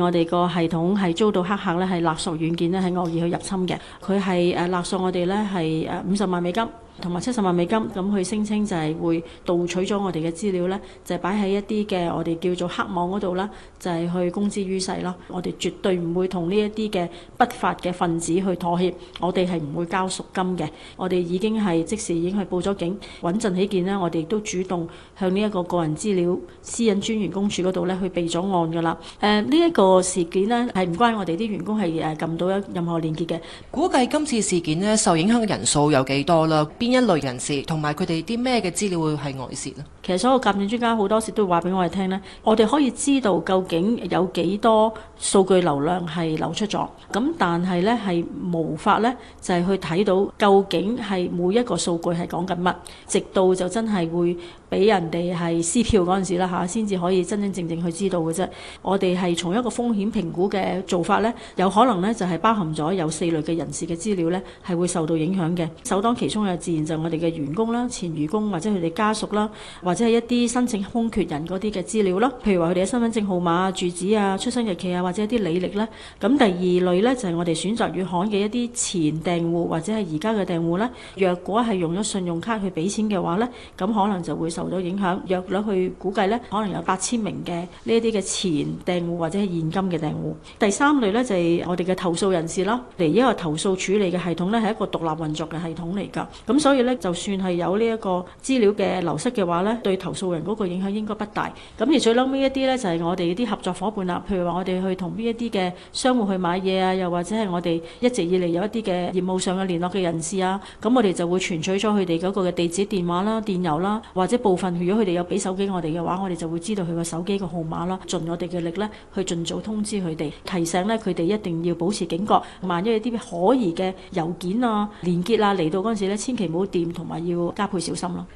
我哋個系統係遭到黑客咧，係勒索軟件咧，係惡意去入侵嘅。佢係誒勒索我哋咧，係誒五十萬美金。同埋七十萬美金咁，佢聲稱就係會盜取咗我哋嘅資料呢，就係擺喺一啲嘅我哋叫做黑網嗰度啦，就係去公之於世咯。我哋絕對唔會同呢一啲嘅不法嘅分子去妥協，我哋係唔會交贖金嘅。我哋已經係即時已經去報咗警，穩陣起見呢，我哋都主動向呢一個個人資料私隱專員公署嗰度呢去備咗案㗎啦。誒呢一個事件呢，係唔關我哋啲員工係誒撳到一任何連結嘅。估計今次事件呢，受影響嘅人數有幾多啦？邊一類人士同埋佢哋啲咩嘅資料會係外泄呢？其實所有鑑證專家好多時都會話俾我哋聽呢，我哋可以知道究竟有幾多數據流量係流出咗，咁但係呢，係無法呢，就係去睇到究竟係每一個數據係講緊乜，直到就真係會俾人哋係撕票嗰陣時啦嚇，先至可以真真正正去知道嘅啫。我哋係從一個風險評估嘅做法呢，有可能呢，就係包含咗有四類嘅人士嘅資料呢，係會受到影響嘅。首當其沖嘅。自就我哋嘅員工啦、前員工或者佢哋家屬啦，或者係一啲申請空缺人嗰啲嘅資料啦，譬如話佢哋嘅身份證號碼、住址啊、出生日期啊，或者一啲履歷咧。咁第二類呢，就係我哋選擇月刊嘅一啲前訂戶或者係而家嘅訂戶咧。若果係用咗信用卡去俾錢嘅話呢，咁可能就會受到影響。若略去估計呢，可能有八千名嘅呢一啲嘅前訂戶或者係現金嘅訂戶。第三類呢，就係我哋嘅投訴人士啦。嚟因為投訴處理嘅系統呢，係一個獨立運作嘅系統嚟㗎，咁所以咧，就算係有呢一個資料嘅流失嘅話咧，對投訴人嗰個影響應該不大。咁而最嬲尾一啲咧，就係我哋啲合作夥伴啦。譬如話我哋去同邊一啲嘅商戶去買嘢啊，又或者係我哋一直以嚟有一啲嘅業務上嘅聯絡嘅人士啊，咁我哋就會存取咗佢哋嗰個嘅地址、電話啦、電郵啦，或者部分如果佢哋有俾手機我哋嘅話，我哋就會知道佢個手機嘅號碼啦。盡我哋嘅力咧，去盡早通知佢哋，提醒咧佢哋一定要保持警覺，萬一有啲可疑嘅郵件啊、連結啊嚟到嗰陣時咧，千祈～唔好掂，同埋要加倍小心咯。